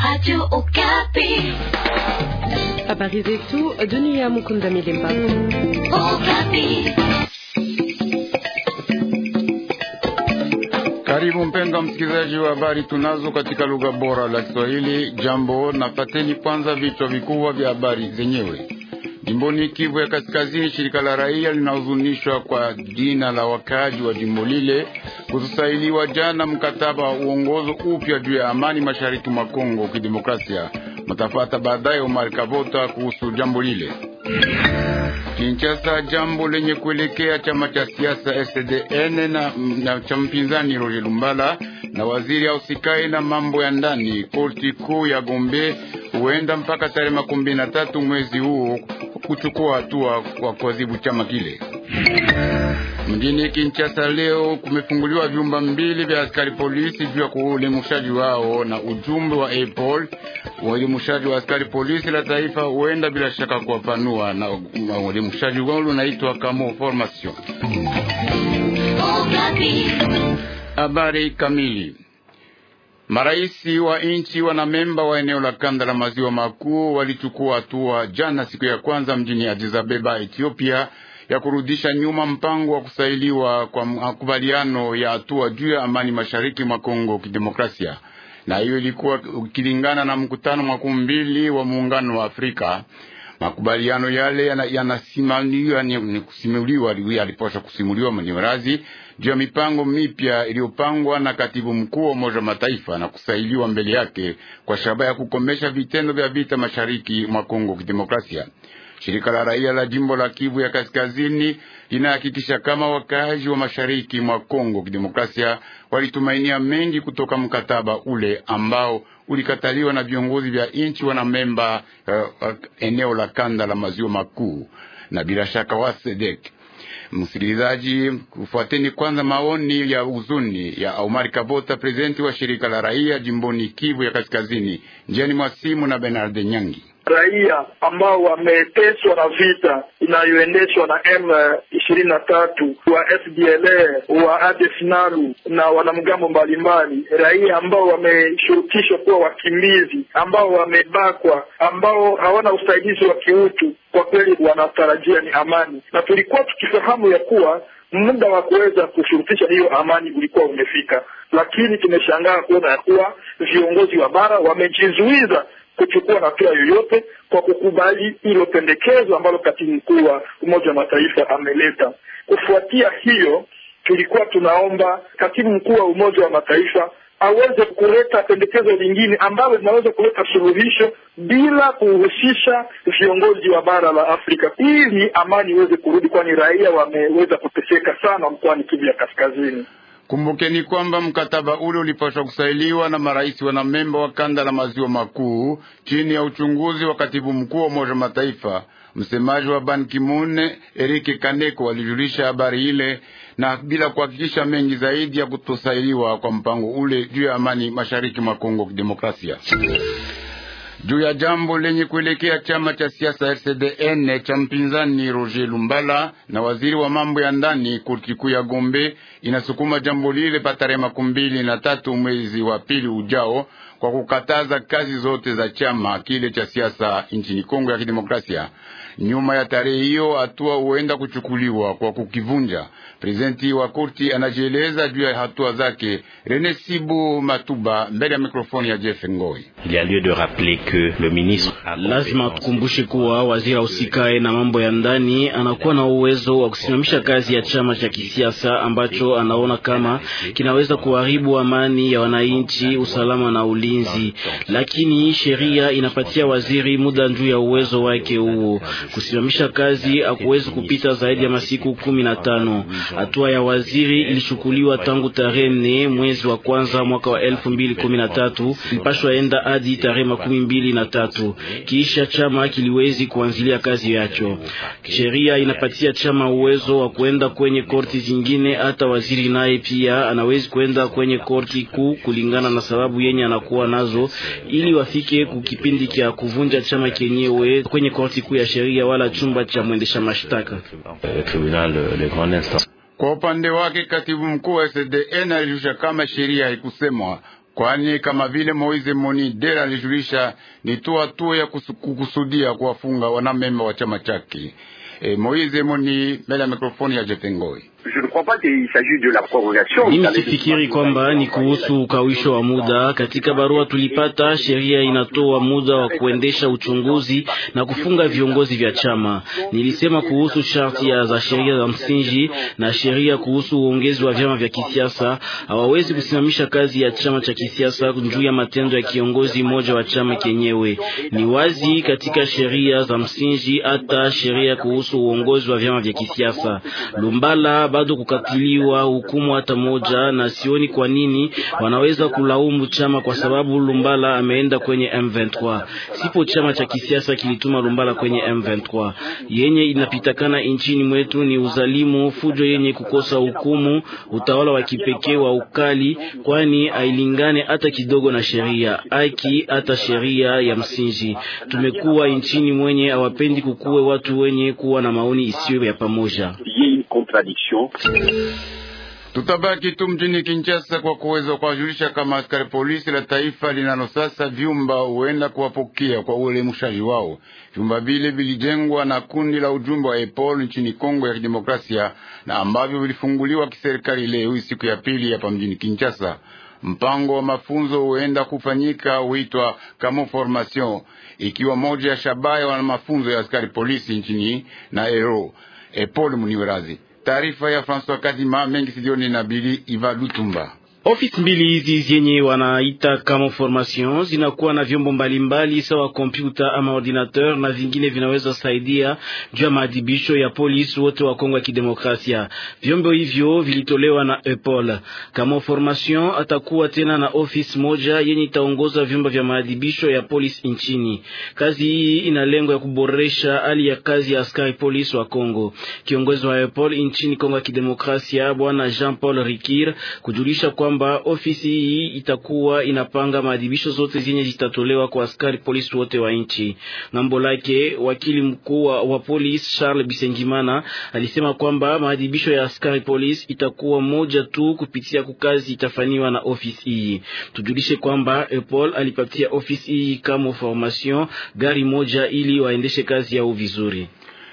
Radio Okapi. Habari zetu dunia, Mukunda Milemba. Okapi. Karibu mpendwa msikilizaji wa habari tunazo katika lugha bora la Kiswahili. Jambo, nafateni kwanza vichwa vikubwa vya habari zenyewe. Jimboni Kivu ya Kaskazini, shirika la raia linahuzunishwa kwa jina la wakaaji wa jimbo lile kusailiwa jana mkataba wa uongozo upya juu ya amani mashariki mwa Kongo Kidemokrasia. Matafata baadaye Omar Kavota kuhusu jambo lile. Kinshasa, jambo lenye kuelekea chama cha siasa SDN na, na cha mpinzani Roger Lumbala na waziri ausikae na mambo ya ndani. Korti kuu ya Gombe huenda mpaka tarehe makumi na tatu mwezi huu kuchukua hatua kwa kuadhibu chama kile. Mjini Kinshasa leo kumefunguliwa vyumba mbili vya askari polisi juu ya uelimushaji wao na ujumbe wa EPOL. Uelimushaji wa askari polisi la taifa huenda bila shaka kuwapanua, na uelimushaji wao unaitwa kamo formation. Oh, Habari kamili Maraisi wa nchi memba wa eneo la kanda la maziwa makuu walichukua hatua jana, siku ya kwanza mjini Addis Ababa, Ethiopia, ya kurudisha nyuma mpango wa kusailiwa kwa makubaliano ya hatua juu ya amani mashariki mwa Kongo Kidemokrasia, na hiyo ilikuwa ukilingana na mkutano makumi mbili wa muungano wa Afrika Makubaliano yale yanasimuliwa yana ni, ni kusimuliwa aliposha kusimuliwa mniwerazi juu ya mipango mipya iliyopangwa na katibu mkuu wa Umoja wa Mataifa na kusailiwa mbele yake kwa shabaha ya kukomesha vitendo vya vita mashariki mwa Kongo Kidemokrasia. Shirika la raia la jimbo la Kivu ya Kaskazini linahakikisha kama wakaaji wa mashariki mwa Kongo Kidemokrasia walitumainia mengi kutoka mkataba ule ambao ulikataliwa na viongozi vya nchi wanamemba uh, eneo la kanda la maziwa makuu na bila shaka wa Sedek. Msikilizaji, kufuateni kwanza maoni ya huzuni ya Omar Kabota, prezidenti wa shirika la raia jimboni Kivu ya Kaskazini, njiani mwa simu na Bernard Nyangi raia ambao wameteswa na vita inayoendeshwa na M ishirini na tatu wa FDLR wa ADF NALU na wanamgambo mbalimbali, raia ambao wameshurutishwa kuwa wakimbizi, ambao wamebakwa, ambao hawana usaidizi wa kiutu, kwa kweli wanatarajia ni amani, na tulikuwa tukifahamu ya kuwa muda wa kuweza kushurutisha hiyo amani ulikuwa umefika, lakini tumeshangaa kuona ya kuwa viongozi wa bara wamejizuiza kuchukua hatua yoyote kwa kukubali hilo pendekezo ambalo katibu mkuu wa Umoja wa Mataifa ameleta. Kufuatia hiyo, tulikuwa tunaomba katibu mkuu wa Umoja wa Mataifa aweze kuleta pendekezo lingine ambalo linaweza kuleta suluhisho bila kuhusisha viongozi wa bara la Afrika ili amani iweze kurudi, kwani raia wameweza kuteseka sana mkoani Kivu ya Kaskazini. Kumbukeni kwamba mkataba ule ulipashwa kusailiwa na marais wanamemba wa kanda la maziwa makuu chini ya uchunguzi wa katibu mkuu wa Umoja Mataifa. Msemaji wa Ban Ki-moon Erike Kaneko alijulisha habari ile na bila kuhakikisha mengi zaidi ya kutosailiwa kwa mpango ule juu ya amani mashariki mwa Kongo Kidemokrasia juu ya jambo lenye kuelekea chama cha siasa RCDN cha mpinzani Roger Lumbala na waziri wa mambo ya ndani. Korti kuu ya Gombe inasukuma jambo lile pa tarehe makumi mbili na tatu mwezi wa pili ujao kwa kukataza kazi zote za chama kile cha siasa nchini Kongo ya Kidemokrasia. Nyuma ya tarehe hiyo, hatua huenda kuchukuliwa kwa kukivunja. Prezidenti wa korti anajieleza juu ya hatua zake. Rene Sibu Matuba mbele ya mikrofoni ya Jeff Ngoi. Lazima tukumbushe kuwa waziri usikae na mambo ya ndani anakuwa na uwezo wa kusimamisha kazi ya chama cha kisiasa ambacho anaona kama kinaweza kuharibu amani ya wananchi, usalama na ulinzi ulinzi, lakini sheria inapatia waziri muda juu ya uwezo wake huo. Kusimamisha kazi hakuwezi kupita zaidi ya masiku kumi na tano. Hatua ya waziri ilichukuliwa tangu tarehe nne mwezi wa kwanza mwaka wa elfu mbili kumi na tatu ilipashwa enda hadi tarehe makumi mbili na tatu kisha chama kiliwezi kuanzilia kazi yacho. Sheria inapatia chama uwezo wa kuenda kwenye korti zingine, hata waziri naye pia anawezi kuenda kwenye korti kuu kulingana na sababu yenye anakuwa walikuwa nazo ili wafike kukipindi cha kuvunja chama kenyewe kwenye korti kuu ya sheria wala chumba cha mwendesha mashtaka. Kwa upande wake katibu mkuu wa SDN alijulisha kama sheria haikusemwa, kwani kama vile Moise Moni Dela alijulisha ni tu hatua ya kukusudia kuwafunga wanamemba wa chama chake. E, Moise Moni mbele ya mikrofoni ya Jefengoi. Mimi sifikiri kwamba ni kuhusu ukawisho wa muda. Katika barua tulipata, sheria inatoa muda wa kuendesha uchunguzi na kufunga viongozi vya chama. Nilisema kuhusu sharti za sheria za msingi na sheria kuhusu uongezi wa vyama vya kisiasa. Hawawezi kusimamisha kazi ya chama cha kisiasa juu ya matendo ya kiongozi mmoja wa chama kenyewe. Ni wazi katika sheria za msingi, hata sheria kuhusu uongozi wa vyama vya kisiasa Lumbala bado kukatiliwa hukumu hata moja, na sioni kwa nini wanaweza kulaumu chama kwa sababu Lumbala ameenda kwenye M23. Sipo chama cha kisiasa kilituma Lumbala kwenye M23. Yenye inapitakana nchini mwetu ni uzalimu, fujo yenye kukosa hukumu, utawala wa kipekee wa ukali, kwani ailingane hata kidogo na sheria aki hata sheria ya msingi. Tumekuwa nchini mwenye hawapendi kukuwe watu wenye kuwa na maoni isiyo ya pamoja contradiction. Tutabaki tu mjini Kinshasa kwa kuweza kuwajulisha kama askari polisi la taifa linalo sasa vyumba huenda kuwapokea kwa uelemushaji wao. Vyumba vile vilijengwa na kundi la ujumbe wa EPOL nchini Kongo ya Kidemokrasia na ambavyo vilifunguliwa kiserikali leo siku ya pili hapa mjini Kinshasa. Mpango wa mafunzo huenda kufanyika huitwa kamo formation, ikiwa moja ya shabaha ya mafunzo ya askari polisi nchini na ero Paul Muniwerazi. Taarifa ya François Kazima mengi sidioni na Bili Iva Lutumba. Ofisi mbili hizi zenye wanaita kama formation zinakuwa na vyombo mbalimbali sawa kompyuta ama ordinateur na vingine vinaweza saidia juu ya maadhibisho ya polisi wote wa Kongo ya Kidemokrasia. Vyombo hivyo vilitolewa na EPOL. Kama formation atakuwa tena na ofisi moja yenye itaongoza vyombo vya maadhibisho ya polisi nchini. Kazi hii ina lengo ya kuboresha hali ya kazi ya askari polisi wa Kongo. Kiongozi wa EPOL nchini Kongo ya Kidemokrasia Bwana Jean Paul Rikir kujulisha kwa kwamba ofisi hii itakuwa inapanga maadhibisho zote zenye zitatolewa kwa askari polisi wote wa nchi. Ngambo lake wakili mkuu wa polisi Charles Bisengimana alisema kwamba maadhibisho ya askari polisi itakuwa moja tu kupitia kukazi itafanywa na ofisi hii. Tujulishe kwamba Epol alipatia ofisi hii kama formation gari moja ili waendeshe kazi yao vizuri.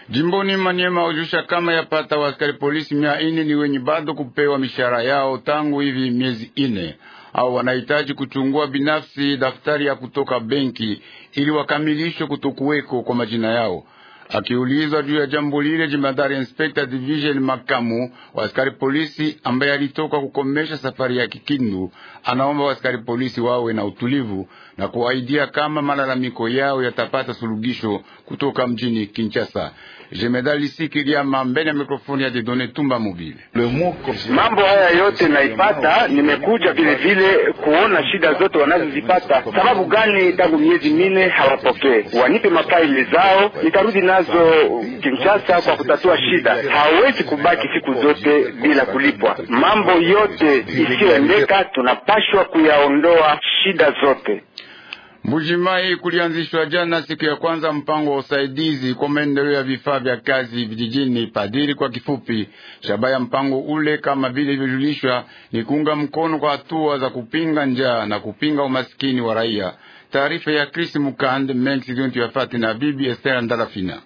Jimboni manyema ujusha kama yapata waaskari polisi mia ine ni wenye bado kupewa mishahara yao tangu hivi miezi ine, au wanahitaji kuchungua binafsi daftari ya kutoka benki ili wakamilishwe kutokuweko kwa majina yao. Akiulizwa juu ya jambo lile, jemadari inspekta division makamu wa askari polisi ambaye alitoka kukomesha safari ya Kikindu anaomba waaskari polisi wawe na utulivu na kuaidia kama malalamiko yao yatapata sulugisho kutoka mjini Kinshasa. Jemedali lisi Kiliama mbele ya mikrofoni ya Dedone Tumba Mobile. Mambo haya yote naipata, nimekuja vilevile kuona shida zote wanazozipata. Sababu gani? Tangu miezi mine hawapokee, wanipe mafaili zao, nitarudi nazo Kinshasa kwa kutatua shida. Hawezi kubaki siku zote bila kulipwa. Mambo yote isiyoendeka tunapashwa kuyaondoa, shida zote Mbujimai kulianzishwa jana siku ya kwanza mpango wa usaidizi kwa maendeleo ya vifaa vya kazi vijijini padiri kwa kifupi. Shabaha ya mpango ule kama vile ilivyojulishwa ni kuunga mkono kwa hatua za kupinga njaa na kupinga umasikini wa raia. Taarifa ya Chris Mukand Mengi Sidontu Yafati na bibi Esther Ndalafina.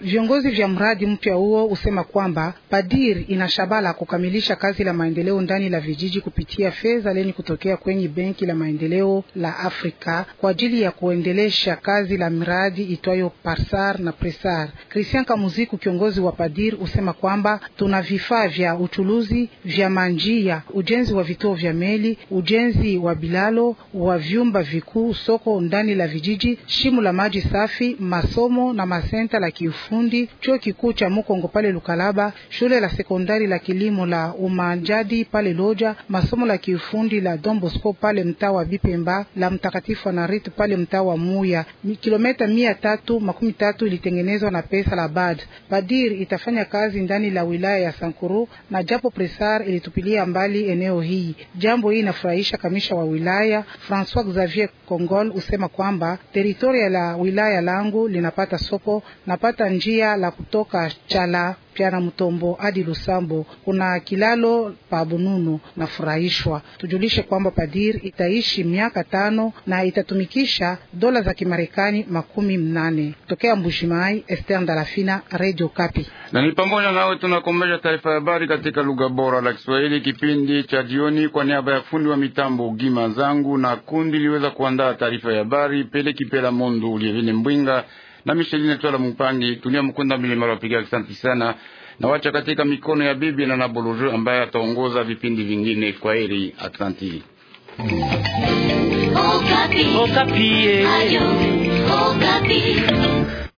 Viongozi vya mradi mpya huo husema kwamba padir ina shabaha la kukamilisha kazi la maendeleo ndani la vijiji kupitia fedha leni kutokea kwenye benki la maendeleo la Afrika kwa ajili ya kuendelesha kazi la miradi itwayo Parsar na Presar. Christian Kamuziku, kiongozi wa padir husema kwamba tuna vifaa vya uchuluzi vya manjia, ujenzi wa vituo vya meli, ujenzi wa bilalo wa vyumba vikuu, soko ndani la vijiji, shimo la maji safi, masomo na masenta la kiufu ufundi, chuo kikuu cha Mukongo pale Lukalaba, shule la sekondari la kilimo la Umanjadi pale Loja, masomo la kiufundi la Don pale mtaa wa Bipemba, la Mtakatifu Anarit pale mtaa wa Muya. Kilometa mia tatu makumi tatu ilitengenezwa na pesa la BAD. Badir itafanya kazi ndani la wilaya ya Sankuru na japo Presar ilitupilia mbali eneo hii. Jambo hii inafurahisha kamisha wa wilaya Francois Xavier Kongol usema kwamba teritoria la wilaya langu linapata soko napata njia la kutoka Chala pia na Mtombo hadi Lusambo kuna kilalo pa Bununu. Nafurahishwa tujulishe kwamba Padir itaishi miaka tano na itatumikisha dola za Kimarekani makumi mnane tokea Mbushimai. Esther Ndalafina, Radio Kapi. Na ni pamoja nawe tunakombesha taarifa ya habari katika lugha bora la Kiswahili kipindi cha jioni. Kwa niaba ya fundi wa mitambo Gima zangu na kundi liweza kuandaa taarifa ya habari Pele Kipela Mondu ulievine Mbwinga na Micheline Twala Mpangi Tunia Mkunda Milimaro wapiga. Asante sana na wacha katika mikono ya bibi na Nabolojo ambaye ataongoza vipindi vingine. Kwa heri, asante. Okapi. Okapi.